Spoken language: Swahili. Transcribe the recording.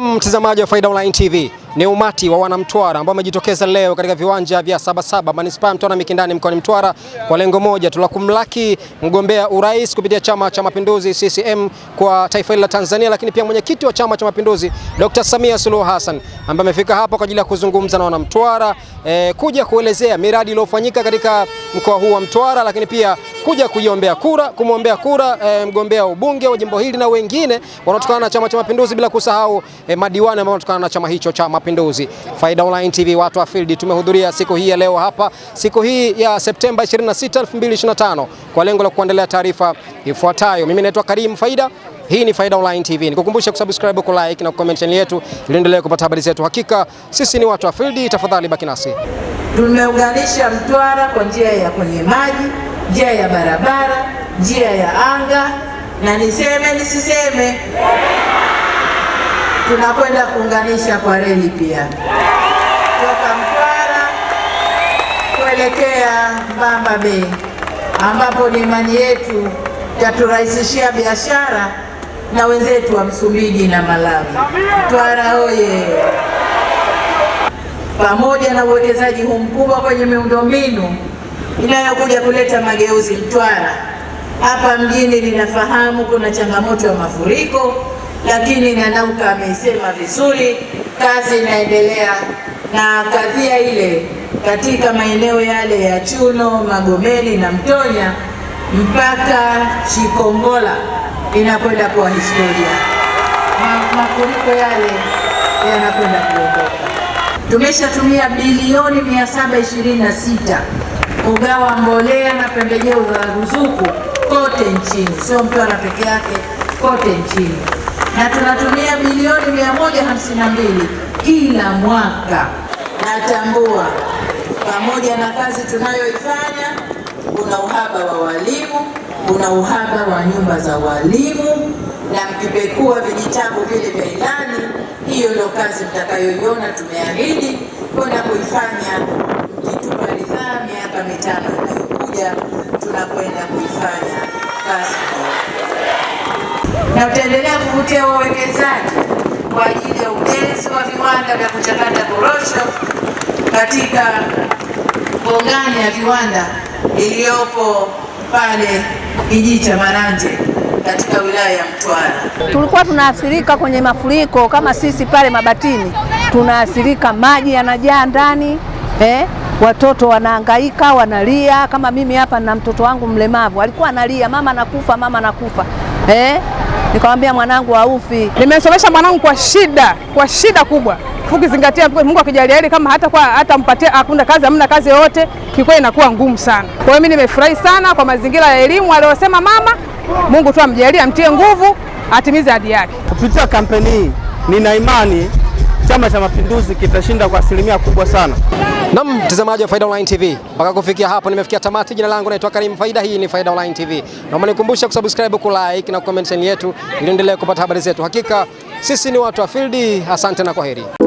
Naam, mtazamaji wa Faida Online TV. Ni umati wa wanamtwara ambao wamejitokeza leo katika viwanja vya Sabasaba manispaa ya Mtwara Mikindani mkoani Mtwara kwa lengo moja tu la kumlaki mgombea urais kupitia Chama cha Mapinduzi CCM kwa taifa hili la Tanzania, lakini pia mwenyekiti wa Chama cha Mapinduzi Dr. Samia Suluhu Hassan ambaye amefika hapa kwa ajili ya kuzungumza na wanamtwara e, kuja kuelezea miradi iliyofanyika katika mkoa huu wa Mtwara, lakini pia kuja kuiombea kura kumwombea kura e, mgombea ubunge wa jimbo hili na wengine wanaotokana na Chama cha Mapinduzi, bila kusahau e, madiwani ambao wanatokana na chama hicho chama Mapinduzi. Faida Online TV, watu wa field, tumehudhuria siku hii ya leo hapa, siku hii ya Septemba 26, 2025 kwa lengo la kuendelea taarifa ifuatayo. Mimi naitwa Karim Faida. Hii ni Faida Online TV. Nikukumbusha kusubscribe, ku like na comment channel yetu ili endelee kupata habari zetu. Hakika sisi ni watu wa field, tafadhali baki nasi. Tumeunganisha Mtwara kwa njia ya kwenye maji, njia ya barabara, njia ya anga na niseme nisiseme tunakwenda kuunganisha kwa reli pia kutoka Mtwara kuelekea Mbamba Bay, ambapo ni imani yetu taturahisishia biashara na wenzetu wa Msumbiji na Malawi. Mtwara oye! Pamoja na uwekezaji huu mkubwa kwenye miundombinu inayokuja kuleta mageuzi Mtwara, hapa mjini linafahamu kuna changamoto ya mafuriko lakini Nanauka amesema vizuri, kazi inaendelea na kadhia ile katika maeneo yale ya Chuno, Magomeni na Mtonya mpaka Chikongola inakwenda kuwa historia. Mafuriko yale yanakwenda kuondoka. Tumeshatumia bilioni 726 kugawa mbolea na pembejeo za ruzuku kote nchini, sio Mtwara peke yake, kote nchini na tunatumia bilioni 152 kila mwaka. Natambua pamoja na kazi tunayoifanya kuna uhaba wa walimu, kuna uhaba wa nyumba za walimu, na mkipekua vijitabu vile vya ilani, hiyo ndio kazi mtakayoiona tumeahidi kwenda kuifanya. Mkitupa ridhaa, miaka mitano inayokuja tunakwenda kuifanya kazi na utaendelea kuvutia wawekezaji kwa ajili ya ujenzi wa viwanda vya kuchakata korosho katika bongani ya viwanda iliyopo pale kijiji cha Maranje katika wilaya ya Mtwara. Tulikuwa tunaathirika kwenye mafuriko kama sisi pale Mabatini tunaathirika, maji yanajaa ndani eh? Watoto wanaangaika wanalia. Kama mimi hapa na mtoto wangu mlemavu alikuwa analia, mama nakufa, mama nakufa eh? Nikamwambia mwanangu haufi. Nimesomesha mwanangu kwa shida, kwa shida kubwa ukizingatia Mungu akijalia ile kama hata kwa hata mpatia hakuna kazi, hamna kazi yoyote, kikweli inakuwa ngumu sana. Kwa hiyo mimi nimefurahi sana kwa mazingira ya elimu aliyosema mama. Mungu tu amjalie, amtie nguvu, atimize ahadi yake. Kupitia kampeni hii nina imani Chama cha Mapinduzi kitashinda kwa asilimia kubwa sana. Nam mtazamaji wa Faida Online TV, mpaka kufikia hapo nimefikia tamati. Jina langu naitwa Karim Faida, hii ni Faida Online TV. Naomba nikukumbusha kusubscribe, kulike na comment yetu, ili endelee kupata habari zetu. Hakika sisi ni watu wa field. Asante na kwaheri.